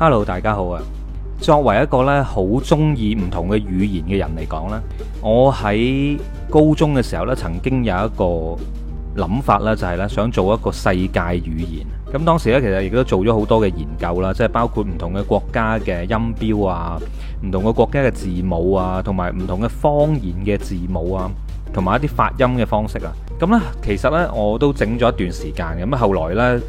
Hello，大家好啊！作為一個咧好中意唔同嘅語言嘅人嚟講呢，我喺高中嘅時候呢，曾經有一個諗法啦，就係呢想做一個世界語言。咁當時呢，其實亦都做咗好多嘅研究啦，即係包括唔同嘅國家嘅音標啊，唔同嘅國家嘅字母啊，同埋唔同嘅方言嘅字母啊，同埋一啲發音嘅方式啊。咁呢，其實呢我都整咗一段時間嘅，咁後來呢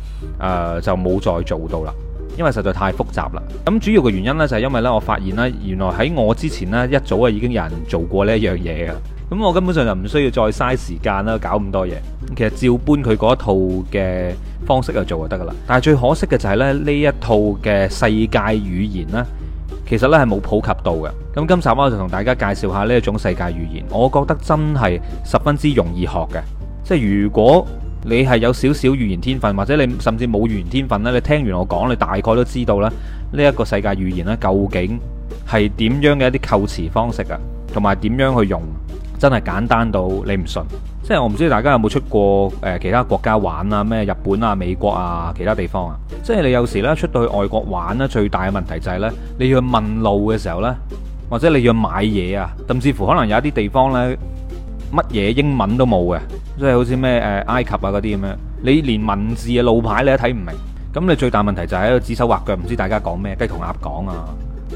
誒就冇再做到啦。因為實在太複雜啦，咁主要嘅原因呢，就係因為呢，我發現呢，原來喺我之前呢一早啊已經有人做過呢一樣嘢㗎，咁我根本上就唔需要再嘥時間啦，搞咁多嘢，其實照搬佢嗰一套嘅方式去做就得噶啦。但係最可惜嘅就係咧呢一套嘅世界語言呢，其實呢係冇普及到嘅。咁今集我就同大家介紹下呢一種世界語言，我覺得真係十分之容易學嘅，即係如果。你係有少少語言天分，或者你甚至冇語言天分咧，你聽完我講，你大概都知道啦。呢、這、一個世界語言咧，究竟係點樣嘅一啲構詞方式啊，同埋點樣去用，真係簡單到你唔信。即係我唔知大家有冇出過誒、呃、其他國家玩啊，咩日本啊、美國啊其他地方啊。即係你有時咧出到去外國玩咧，最大嘅問題就係、是、咧，你要去問路嘅時候咧，或者你要去買嘢啊，甚至乎可能有一啲地方呢，乜嘢英文都冇嘅。即係好似咩誒埃及啊嗰啲咁樣，你連文字嘅路牌你都睇唔明，咁你最大問題就係喺度指手畫腳，唔知大家講咩，雞同鴨講啊，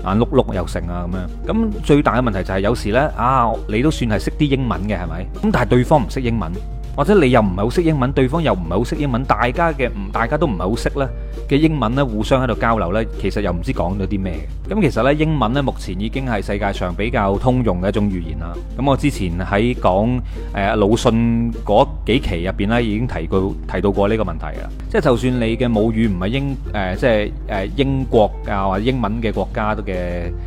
眼碌碌又成啊咁樣，咁最大嘅問題就係有時呢，啊，你都算係識啲英文嘅，係咪？咁但係對方唔識英文。或者你又唔係好識英文，對方又唔係好識英文，大家嘅唔大家都唔係好識呢嘅英文呢，互相喺度交流呢，其實又唔知講咗啲咩。咁其實呢，英文呢，目前已經係世界上比較通用嘅一種語言啦。咁我之前喺講誒魯迅嗰幾期入邊呢，已經提過提到過呢個問題啦。即係就算你嘅母語唔係英誒，即係誒英國啊或者英文嘅國家嘅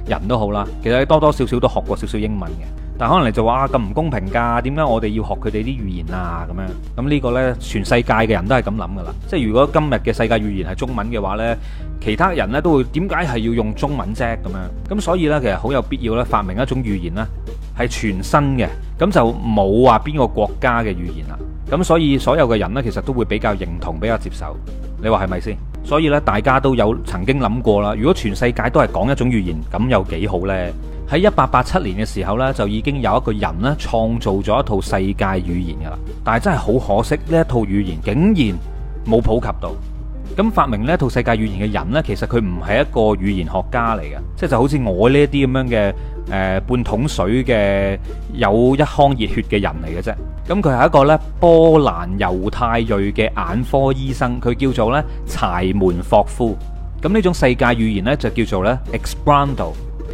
人都好啦，其實你多多少少都學過少少英文嘅。但可能嚟就話咁唔公平㗎，點解我哋要學佢哋啲語言啊咁樣？咁呢個呢，全世界嘅人都係咁諗㗎啦。即係如果今日嘅世界語言係中文嘅話呢，其他人呢都會點解係要用中文啫？咁樣咁所以呢，其實好有必要呢，發明一種語言啦，係全新嘅，咁就冇話邊個國家嘅語言啦。咁所以所有嘅人呢，其實都會比較認同、比較接受。你話係咪先？所以呢，大家都有曾經諗過啦。如果全世界都係講一種語言，咁有幾好呢？喺一八八七年嘅時候呢，就已經有一個人咧，創造咗一套世界語言噶啦，但係真係好可惜，呢一套語言竟然冇普及到。咁發明呢一套世界語言嘅人呢，其實佢唔係一個語言學家嚟嘅，即係就好、是、似我呢啲咁樣嘅誒、呃、半桶水嘅有一腔熱血嘅人嚟嘅啫。咁佢係一個呢波蘭猶太裔嘅眼科醫生，佢叫做呢柴門霍夫。咁呢種世界語言呢，就叫做呢。Esperanto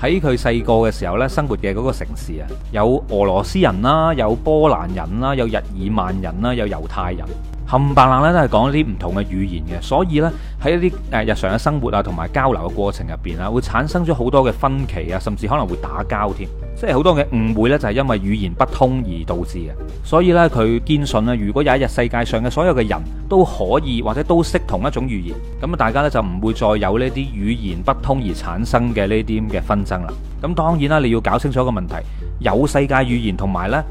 喺佢細個嘅時候咧，生活嘅嗰個城市啊，有俄羅斯人啦，有波蘭人啦，有日耳曼人啦，有猶太人，冚唪唥咧都係講啲唔同嘅語言嘅，所以呢，喺一啲誒日常嘅生活啊，同埋交流嘅過程入邊啊，會產生咗好多嘅分歧啊，甚至可能會打交添。即係好多嘅誤會呢，就係因為語言不通而導致嘅。所以呢，佢堅信咧，如果有一日世界上嘅所有嘅人都可以或者都識同一種語言，咁啊，大家呢，就唔會再有呢啲語言不通而產生嘅呢啲咁嘅紛爭啦。咁當然啦，你要搞清楚一個問題：有世界語言同埋呢，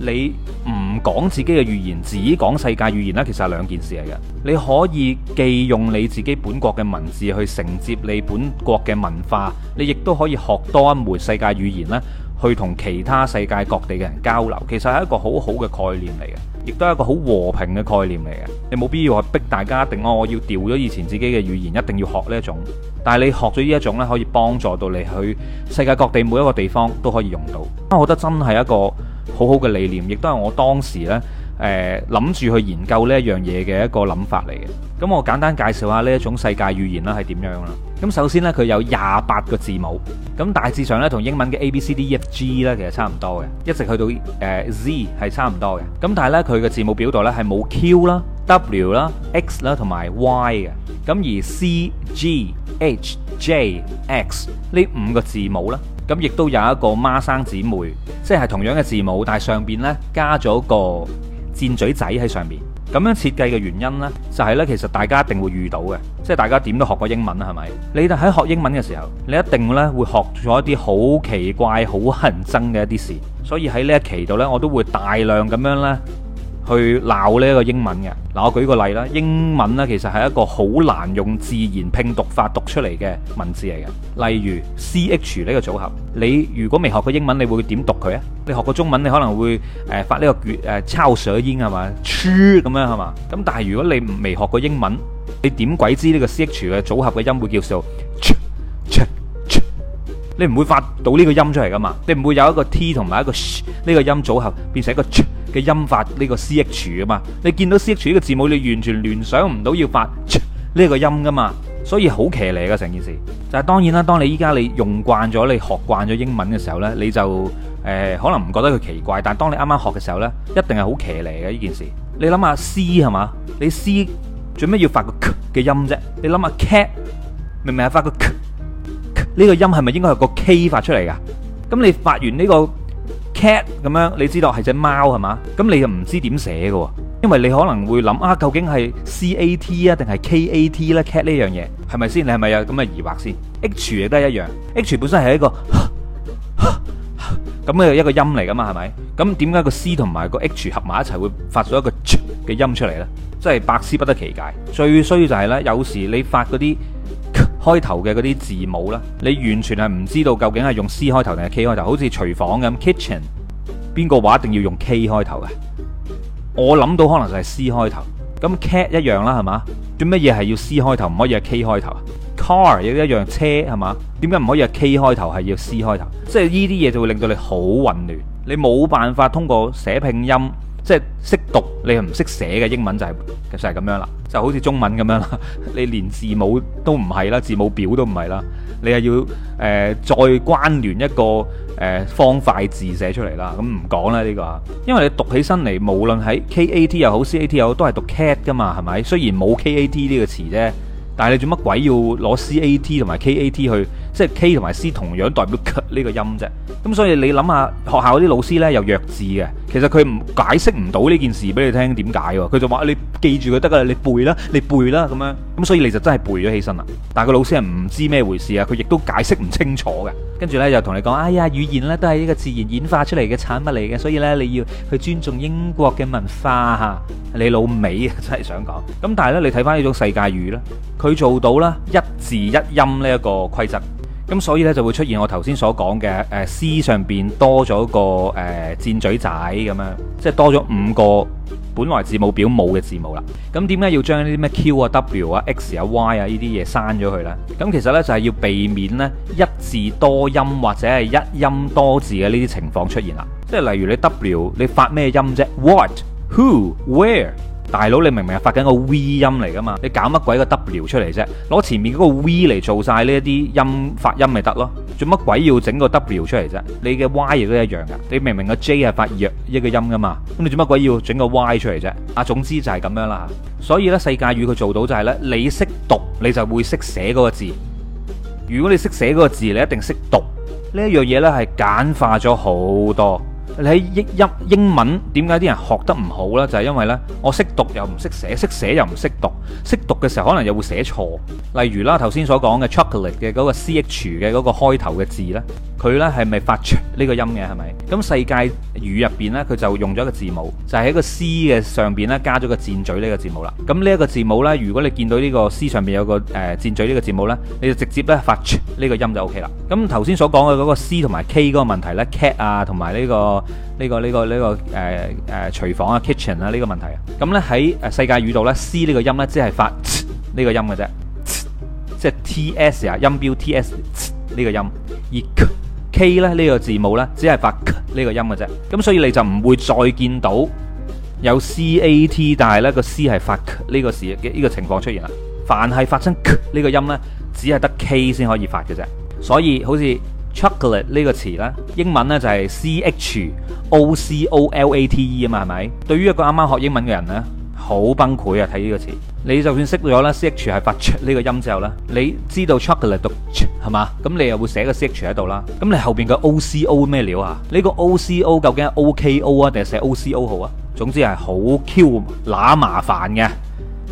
你唔講自己嘅語言，只講世界語言呢，其實係兩件事嚟嘅。你可以既用你自己本國嘅文字去承接你本國嘅文化，你亦都可以學多一門世界語言啦。去同其他世界各地嘅人交流，其實，係一個好好嘅概念嚟嘅，亦都係一個好和平嘅概念嚟嘅。你冇必要話逼大家，一定哦，我要掉咗以前自己嘅語言，一定要學呢一種，但係你學咗呢一種咧，可以幫助到你去世界各地每一個地方都可以用到。我覺得真係一個好好嘅理念，亦都係我當時咧。誒諗住去研究呢一樣嘢嘅一個諗法嚟嘅。咁我簡單介紹下呢一種世界語言啦，係點樣啦？咁首先咧，佢有廿八個字母，咁大致上咧同英文嘅 A、B、C、D、E、F、G 咧其實差唔多嘅，一直去到誒 Z 係差唔多嘅。咁但係咧，佢嘅字母表度咧係冇 Q 啦、W 啦、X 啦同埋 Y 嘅。咁而 C、G、H、J、X 呢五個字母咧，咁亦都有一個孖生姊妹，即係同樣嘅字母，但係上邊咧加咗個。箭嘴仔喺上面，咁樣設計嘅原因呢，就係呢。其實大家一定會遇到嘅，即係大家點都學過英文啦，係咪？你喺學英文嘅時候，你一定咧會學咗一啲好奇怪、好乞人憎嘅一啲事，所以喺呢一期度呢，我都會大量咁樣呢。去鬧呢個英文嘅嗱，我舉個例啦。英文呢，其實係一個好難用自然拼讀法讀出嚟嘅文字嚟嘅。例如 C H 呢個組合，你如果未學過英文，你會點讀佢啊？你學過中文，你可能會誒、呃、發呢、這個卷、呃、抄水煙係嘛？ch 咁樣係嘛？咁但係如果你未學過英文，你點鬼知呢個 C H 嘅組合嘅音會叫做 ch、呃呃呃呃、你唔會發到呢個音出嚟噶嘛？你唔會有一個 T 同埋一個呢個音組合變成一個 ch、呃。嘅音發呢、這個 C H 啊嘛，你見到 C H 呢個字母，你完全聯想唔到要發呢個音噶嘛，所以好騎呢個成件事。就係當然啦，當你依家你用慣咗，你學慣咗英文嘅時候呢，你就誒、呃、可能唔覺得佢奇怪，但係當你啱啱學嘅時候呢，一定係好騎呢個呢件事。你諗下 C 係嘛？你 C 做咩要發個 K 嘅音啫？你諗下 cat 明唔明啊？發個 K，呢個音係咪應該係個 K 發出嚟噶？咁你發完呢、這個。cat 咁樣，你知道係隻貓係嘛？咁你又唔知點寫嘅，因為你可能會諗啊，究竟係 c a t 啊定係 k a t 咧 cat 呢樣嘢，係咪先？你係咪有咁嘅疑惑先？h 亦都係一樣，h 本身係一個咁嘅一個音嚟噶嘛，係咪？咁點解個 c 同埋個 h 合埋一齊會發咗一個嘅音出嚟呢？真係百思不得其解。最衰就係咧，有時你發嗰啲。開頭嘅嗰啲字母啦，你完全係唔知道究竟係用 C 開頭定係 K 開頭，好似廚房咁 kitchen，邊個話一定要用 K 開頭嘅？我諗到可能就係 C 開頭，咁 cat 一樣啦，係嘛？做乜嘢係要 C 開頭，唔可以係 K 開頭？Car 亦一樣車，係嘛？點解唔可以係 K 開頭，係要 C 開頭？即係呢啲嘢就會令到你好混亂，你冇辦法通過寫拼音。即係識讀你又唔識寫嘅英文就係、係、就係、係、咁樣啦，就好似中文咁樣啦，你連字母都唔係啦，字母表都唔係啦，你係要誒、呃、再關聯一個誒、呃、方塊字寫出嚟啦。咁唔講啦呢個，因為你讀起身嚟無論喺 K A T 又好 C A T 又好都係讀 cat 㗎嘛，係咪？雖然冇 K A T 呢個詞啫，但係你做乜鬼要攞 C A T 同埋 K A T 去？即係 K 同埋 C 同樣代表咳呢個音啫，咁所以你諗下學校嗰啲老師咧又弱智嘅，其實佢唔解釋唔到呢件事俾你聽點解喎，佢就話你記住佢得噶啦，你背啦，你背啦咁樣，咁所以你就真係背咗起身啦。但係個老師係唔知咩回事啊，佢亦都解釋唔清楚嘅。跟住咧又同你講，哎呀語言咧都係呢個自然演化出嚟嘅產物嚟嘅，所以咧你要去尊重英國嘅文化嚇。你老味真係想講，咁但係咧你睇翻呢種世界語咧，佢做到啦一字一音呢一個規則。咁所以呢，就會出現我頭先所講嘅誒 C 上邊多咗個誒、呃、箭嘴仔咁樣，即係多咗五個本來字母表冇嘅字母啦。咁點解要將呢啲咩 Q 啊 W 啊 X 啊 Y 啊呢啲嘢刪咗佢呢？咁其實呢，就係、是、要避免呢一字多音或者係一音多字嘅呢啲情況出現啦。即係例如你 W 你發咩音啫？What？Who？Where？大佬，你明明係發緊個 V 音嚟噶嘛？你搞乜鬼個 W 出嚟啫？攞前面嗰個 V 嚟做晒呢一啲音發音咪得咯。做乜鬼要整個 W 出嚟啫？你嘅 Y 亦都一樣噶。你明明個 J 係發弱一個音噶嘛？咁你做乜鬼要整個 Y 出嚟啫？啊，總之就係咁樣啦。所以呢，世界語佢做到就係咧，你識讀你就會識寫嗰個字。如果你識寫嗰個字，你一定識讀。呢一樣嘢呢，係簡化咗好多。你喺英英文點解啲人學得唔好呢？就係、是、因為呢，我識讀又唔識寫，識寫又唔識讀，識讀嘅時候可能又會寫錯。例如啦，頭先所講嘅 chocolate 嘅嗰個 c h 嘅嗰個開頭嘅字呢，佢呢係咪發出呢個音嘅係咪？咁世界語入邊呢，佢就用咗一個字母，就喺、是、個 c 嘅上邊呢，加咗個箭嘴呢個字母啦。咁呢一個字母呢，如果你見到呢個 c 上面有個誒、呃、箭嘴呢個字母呢，你就直接咧發出呢個音就 ok 啦。咁頭先所講嘅嗰個 c 同埋 k 嗰個問題咧，cat 啊同埋呢個。呢個呢個呢個誒誒廚房啊 kitchen 啊呢個問題啊，咁、嗯、呢，喺誒世界語度呢 c 呢個音呢，只係發呢個音嘅啫，T, 即係 ts 啊音標 ts 呢個音，而 k 咧呢個字母呢，只係發呢個音嘅啫，咁、嗯、所以你就唔會再見到有 cat，但係呢個 c 係發呢個事嘅呢個情況出現啦。凡係發生 k 呢個音呢，只係得 k 先可以發嘅啫，所以好似。chocolate 呢個詞咧，英文呢就係 c h o c o l a t e 啊嘛，係咪？對於一個啱啱學英文嘅人呢，好崩潰啊！睇呢個詞，你就算識咗啦，c h 係發 ch 呢個音之後呢，你知道 chocolate 讀、c、ch 係嘛？咁你又會寫個 c h 喺度啦。咁你後邊嘅 o c o 咩料啊？呢個 o c o 究竟係 o k o 啊，定係寫 o c o 好啊？總之係好 q 乸麻煩嘅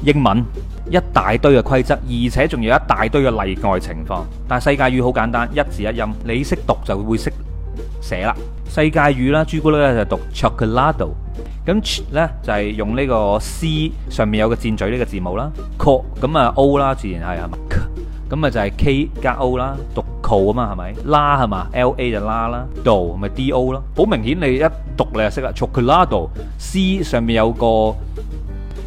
英文。一大堆嘅規則，而且仲有一大堆嘅例外情況。但係世界語好簡單，一字一音，你識讀就會識寫啦。世界語啦，朱古力咧就是、讀 c h o c o l a d o 咁 ch 咧就係、是、用呢個 c 上面有個箭嘴呢個字母啦，c 咁啊 o 啦，自然係係嘛，咁啊就係 k 加 o 啦，讀 co 啊嘛係咪？拉係嘛，la 就拉啦，do 咪 do 咯，好明顯你一讀你就識啦 c h o c o l a d o c 上面有個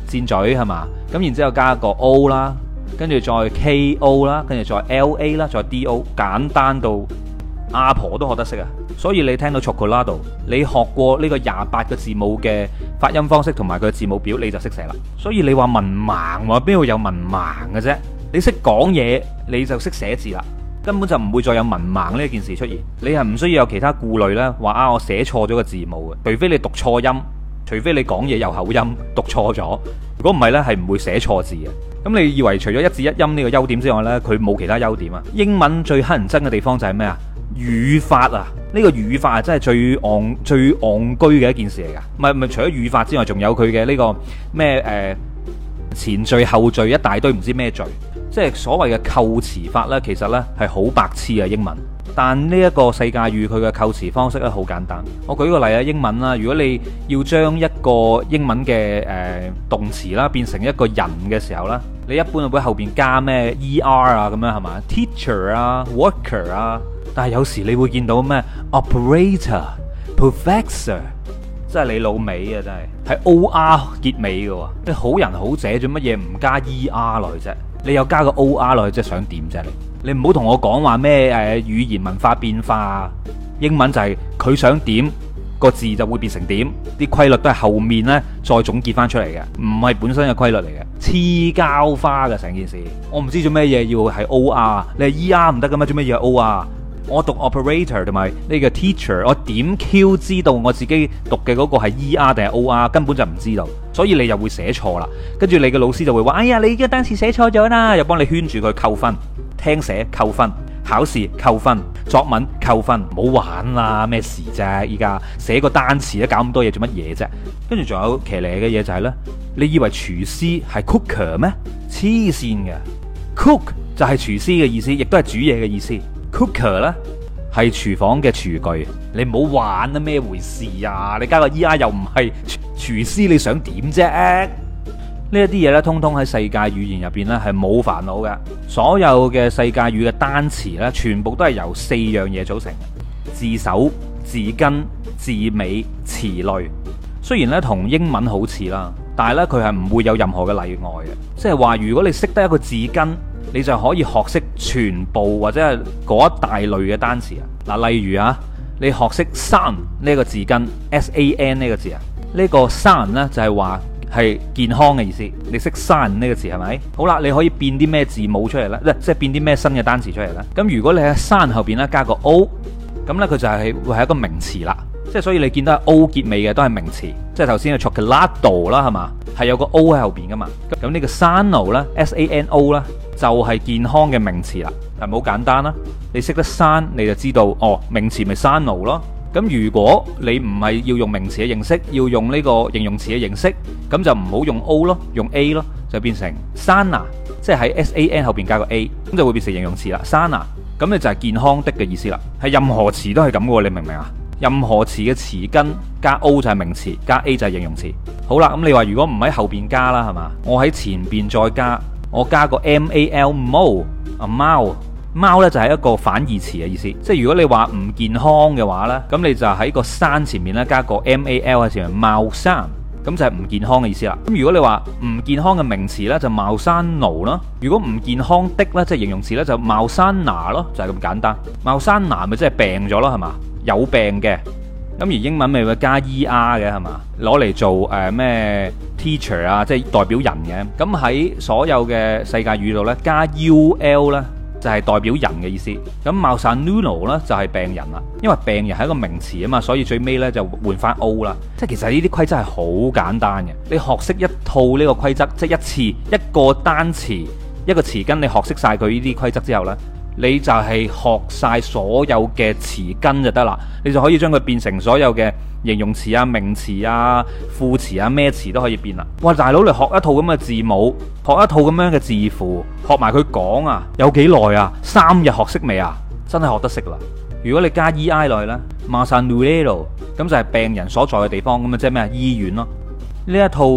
箭嘴係嘛？咁然之後加個 O 啦，跟住再 K O 啦，跟住再 L A 啦，再 D O，簡單到阿婆都學得識啊！所以你聽到 Chocolate，你學過呢個廿八個字母嘅發音方式同埋佢嘅字母表，你就識寫啦。所以你話文盲喎，邊度有文盲嘅啫？你識講嘢你就識寫字啦，根本就唔會再有文盲呢件事出現。你係唔需要有其他顧慮啦，話啊我寫錯咗個字母嘅，除非你讀錯音。除非你講嘢有口音讀錯咗，如果唔係呢，係唔會寫錯字嘅。咁你以為除咗一字一音呢個優點之外呢，佢冇其他優點啊？英文最乞人憎嘅地方就係咩啊？語法啊，呢個語法真係最戇最戇居嘅一件事嚟㗎。唔係唔係，除咗語法之外，仲有佢嘅呢個咩誒、呃、前綴後綴一大堆唔知咩綴，即係所謂嘅構詞法呢，其實呢係好白痴嘅英文。但呢一個世界語佢嘅構詞方式咧好簡單，我舉個例啊，英文啦，如果你要將一個英文嘅誒、呃、動詞啦變成一個人嘅時候啦，你一般會喺後邊加咩 er 啊咁樣係嘛，teacher 啊，worker 啊，但係有時你會見到咩 operator、Oper ator, professor，真係你老尾啊真係，係 or 結尾嘅喎，啲好人好者做乜嘢唔加 er 來啫？你又加個 or 落去，即係想點啫你？你唔好同我講話咩？誒語言文化變化、啊，英文就係、是、佢想點個字就會變成點，啲規律都係後面呢再總結翻出嚟嘅，唔係本身嘅規律嚟嘅，黐膠花嘅成件事。我唔知做咩嘢要係 o r，你係 e r 唔得噶嘛？做咩嘢 o r？我讀 operator 同埋呢個 teacher，我點 q 知道我自己讀嘅嗰個係 e r 定係 o r？根本就唔知道，所以你又會寫錯啦。跟住你嘅老師就會話：哎呀，你依個單詞寫錯咗啦，又幫你圈住佢扣分。聽寫扣分，考試扣分，作文扣分，唔好玩啦！咩事啫？依家寫個單詞都搞咁多嘢做乜嘢啫？跟住仲有騎呢嘅嘢就係咧，你以為廚師係 cooker 咩？黐線嘅，cook 就係廚師嘅意思，亦都係煮嘢嘅意思，cooker 啦係廚房嘅廚具，你唔好玩啦，咩回事啊？你加個 er 又唔係廚師，你想點啫？呢一啲嘢呢，通通喺世界語言入邊呢，係冇煩惱嘅。所有嘅世界語嘅單詞呢，全部都係由四樣嘢組成：字首、字根、字尾、詞類。雖然呢，同英文好似啦，但係呢，佢係唔會有任何嘅例外嘅。即係話，如果你識得一個字根，你就可以學識全部或者係嗰一大類嘅單詞啊。嗱，例如啊，你學識 san 呢個字根，s-a-n 呢個字啊，呢、呢個 san 呢就係話，係健康嘅意思，你識 san 呢個詞係咪？好啦，你可以變啲咩字母出嚟呢？嗱，即係變啲咩新嘅單詞出嚟呢？咁如果你喺 san 後邊咧加個 o，咁呢佢就係、是、會係一個名詞啦。即係所以你見到 o 結尾嘅都係名詞，即係頭先嘅 chocolate 啦，係嘛？係有個 o 喺後邊噶嘛？咁呢個 sano 咧，s, ano, S a n o 咧，就係健康嘅名詞啦。係咪好簡單啦，你識得 san 你就知道哦，名詞咪 sano 咯。咁如果你唔係要用名詞嘅形式，要用呢個形容詞嘅形式，咁就唔好用 O 咯，用 A 咯，就變成 sana 即係喺 s a n 後邊加個 A，咁就會變成形容詞啦。sana 咁你就係健康的嘅意思啦。係任何詞都係咁嘅喎，你明唔明啊？任何詞嘅詞根加 O 就係名詞，加 A 就係形容詞。好啦，咁你話如果唔喺後邊加啦，係嘛？我喺前邊再加，我加個 m a l m o 啊貓呢就係一個反義詞嘅意思，即係如果你話唔健康嘅話呢，咁你就喺個山前面呢加個 m a l 喺前面，茂山，咁就係唔健康嘅意思啦。咁如果你話唔健康嘅名詞呢，就茂山奴咯；如果唔健康的呢，即係形容詞呢，就茂山拿咯，就係咁簡單。茂山拿咪即係病咗咯，係嘛？有病嘅。咁而英文咪會加 e r 嘅係嘛？攞嚟做誒咩、呃、teacher 啊，即係代表人嘅。咁喺所有嘅世界語度呢，加 u l 呢。就係代表人嘅意思，咁茂散 nullo 呢就係、是、病人啦，因為病人係一個名詞啊嘛，所以最尾呢就換翻 o 啦。即係其實呢啲規則係好簡單嘅，你學識一套呢個規則，即係一次一個單詞一個詞根，你學識晒佢呢啲規則之後呢。你就係學晒所有嘅詞根就得啦，你就可以將佢變成所有嘅形容詞啊、名詞啊、副詞啊、咩詞都可以變啦。哇！大佬你學一套咁嘅字母，學一套咁樣嘅字符，學埋佢講啊，有幾耐啊？三日學識未啊？真係學得識啦！如果你加 E、I 落去咧，Masanulelo 咁就係病人所在嘅地方，咁啊即係咩啊？醫院咯，啊。呢一套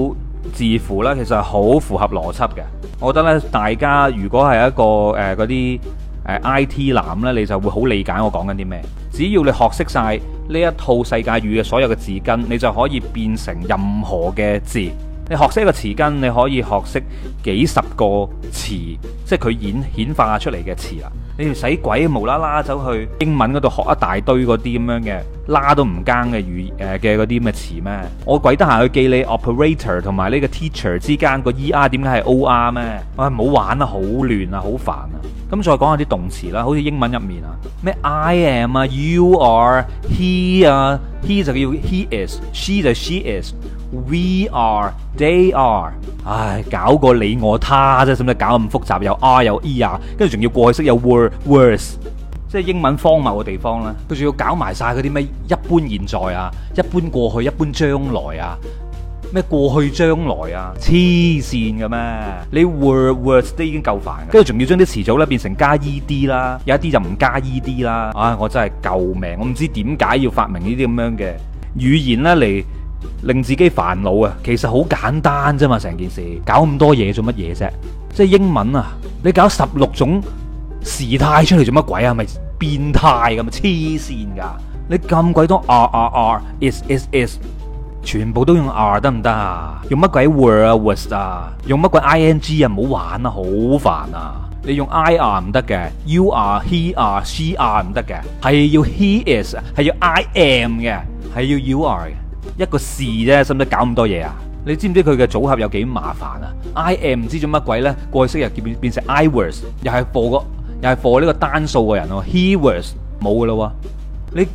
字符呢，其實係好符合邏輯嘅。我覺得呢，大家如果係一個誒嗰啲。呃 IT 男呢，你就會好理解我講緊啲咩。只要你學識晒呢一套世界語嘅所有嘅字根，你就可以變成任何嘅字。你學識一個詞根，你可以學識幾十個詞，即係佢演顯化出嚟嘅詞啦。你唔使鬼無啦啦走去英文嗰度學一大堆嗰啲咁樣嘅。拉都唔更嘅語誒嘅嗰啲咩詞咩？我鬼得閒去記你 operator 同埋呢個 teacher 之間個 er 點解係 or 咩？我、哎、唔好玩啊、嗯，好亂啊，好煩啊！咁再講下啲動詞啦，好似英文入面啊，咩 I am 啊，you are，he 啊、uh,，he 就叫 he is，she 就 she is，we are，they are。唉、哎，搞個你我他啫，使唔使搞咁複雜？有 are 又 er，跟住仲要過去式，有 were，was 即係英文荒謬嘅地方啦，佢仲要搞埋晒嗰啲咩一般現在啊、一般過去、一般將來啊、咩過去將來啊，黐線嘅咩？你 Word Words 都已經夠煩，跟住仲要將啲詞組咧變成加 ed 啦，有一啲就唔加 ed 啦。啊、哎，我真係救命！我唔知點解要發明呢啲咁樣嘅語言咧嚟令自己煩惱啊。其實好簡單啫嘛，成件事搞咁多嘢做乜嘢啫？即係英文啊，你搞十六種。時態出嚟做乜鬼啊？咪變態咁啊！黐線噶，你咁鬼多 r r r s s s，全部都用 r 得唔得啊？用乜鬼 word 啊，was 啊？用乜鬼 i n g 啊？唔好玩啊！好煩啊！你用 i r 唔得嘅，you are he are she are 唔得嘅，係要 he is，係要 i am 嘅，係要 you are 嘅一個事啫，使唔使搞咁多嘢啊？你知唔知佢嘅組合有幾麻煩啊？i am 唔知做乜鬼咧，過去式又變變成 i was，又係播個。又係 for 呢個單數嘅人喎，he was 冇嘅啦喎。你，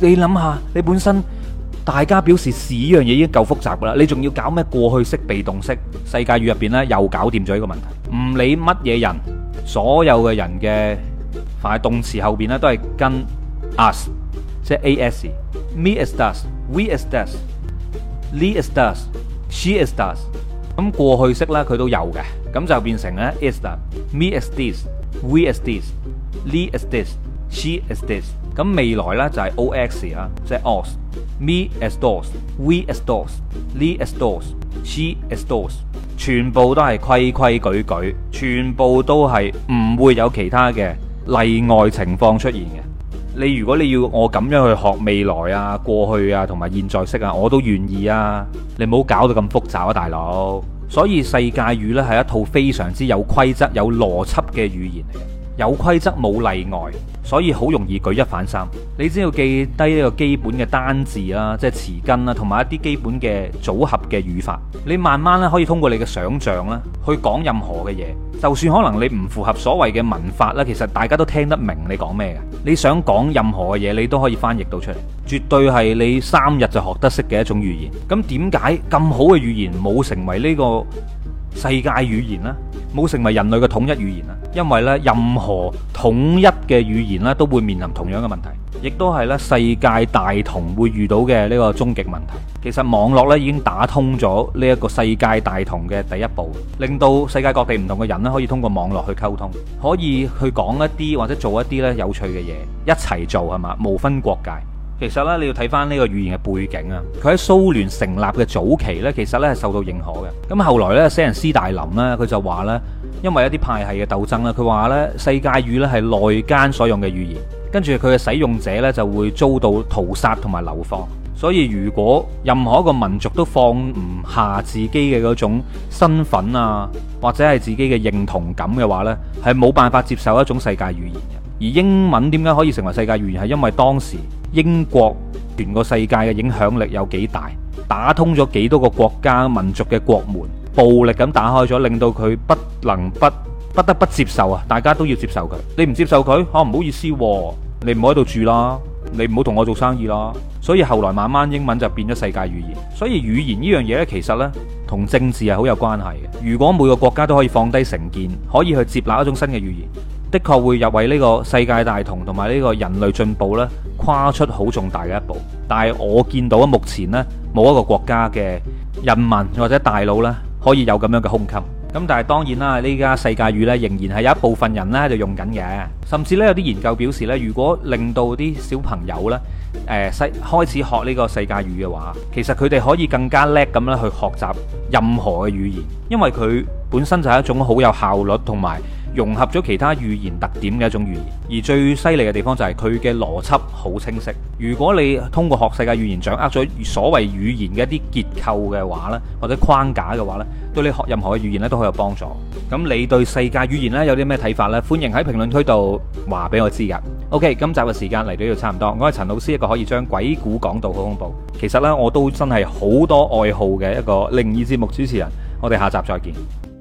你諗下，你本身大家表示是呢樣嘢已經夠複雜啦，你仲要搞咩過去式、被動式？世界語入邊咧，又搞掂咗呢個問題。唔理乜嘢人，所有嘅人嘅，凡係動詞後邊咧，都係跟 us，即係 as me is does，we is does，li is does，she is does。咁過去式咧，佢都有嘅，咁就變成咧 is 啦，me is this。We as this, li as this, she as this，咁未來呢，就係 o x 啦，即係 us，me as d us，we as d us，li as d us，she as d us，全部都係規規矩矩，全部都係唔會有其他嘅例外情況出現嘅。你如果你要我咁樣去學未來啊、過去啊同埋現在式啊，我都願意啊。你唔好搞到咁複雜啊，大佬。所以世界語咧係一套非常之有規則、有邏輯嘅語言嚟嘅。有規則冇例外，所以好容易舉一反三。你只要記低一個基本嘅單字啦，即係詞根啦，同埋一啲基本嘅組合嘅語法。你慢慢咧可以通過你嘅想像咧去講任何嘅嘢，就算可能你唔符合所謂嘅文法啦，其實大家都聽得明你講咩嘅。你想講任何嘅嘢，你都可以翻譯到出嚟，絕對係你三日就學得識嘅一種語言。咁點解咁好嘅語言冇成為呢、這個？世界語言呢冇成為人類嘅統一語言啊，因為呢任何統一嘅語言呢都會面臨同樣嘅問題，亦都係呢世界大同會遇到嘅呢個終極問題。其實網絡呢已經打通咗呢一個世界大同嘅第一步，令到世界各地唔同嘅人呢可以通過網絡去溝通，可以去講一啲或者做一啲呢有趣嘅嘢，一齊做，係嘛？無分國界。其實呢，你要睇返呢個語言嘅背景啊。佢喺蘇聯成立嘅早期呢，其實呢係受到認可嘅。咁後來呢，死人斯大林呢，佢就話呢：「因為一啲派系嘅鬥爭啊，佢話呢世界語呢係內奸所用嘅語言，跟住佢嘅使用者呢就會遭到屠殺同埋流放。」所以如果任何一個民族都放唔下自己嘅嗰種身份啊，或者係自己嘅認同感嘅話呢，係冇辦法接受一種世界語言。而英文點解可以成為世界語言，係因為當時。英國全個世界嘅影響力有幾大？打通咗幾多個國家民族嘅國門，暴力咁打開咗，令到佢不能不不得不接受啊！大家都要接受佢，你唔接受佢，啊、哦、唔好意思、哦，你唔好喺度住啦，你唔好同我做生意啦。所以後來慢慢，英文就變咗世界語言。所以語言呢樣嘢呢，其實呢，同政治係好有關係嘅。如果每個國家都可以放低成見，可以去接納一種新嘅語言。的確會入為呢個世界大同，同埋呢個人類進步咧跨出好重大嘅一步，但係我見到目前咧冇一個國家嘅人民或者大佬咧可以有咁樣嘅胸襟。咁但係當然啦，呢家世界語咧仍然係有一部分人喺度用緊嘅，甚至呢，有啲研究表示咧，如果令到啲小朋友呢誒開、呃、開始學呢個世界語嘅話，其實佢哋可以更加叻咁樣去學習任何嘅語言，因為佢本身就係一種好有效率同埋。融合咗其他語言特點嘅一種語言，而最犀利嘅地方就係佢嘅邏輯好清晰。如果你通過學世界語言掌握咗所謂語言嘅一啲結構嘅話呢，或者框架嘅話呢，對你學任何嘅語言呢都好有幫助。咁你對世界語言呢有啲咩睇法呢？歡迎喺評論區度話俾我知噶。OK，今集嘅時間嚟到呢度差唔多。我係陳老師，一個可以將鬼故講到好恐怖。其實呢，我都真係好多愛好嘅一個靈異節目主持人。我哋下集再見。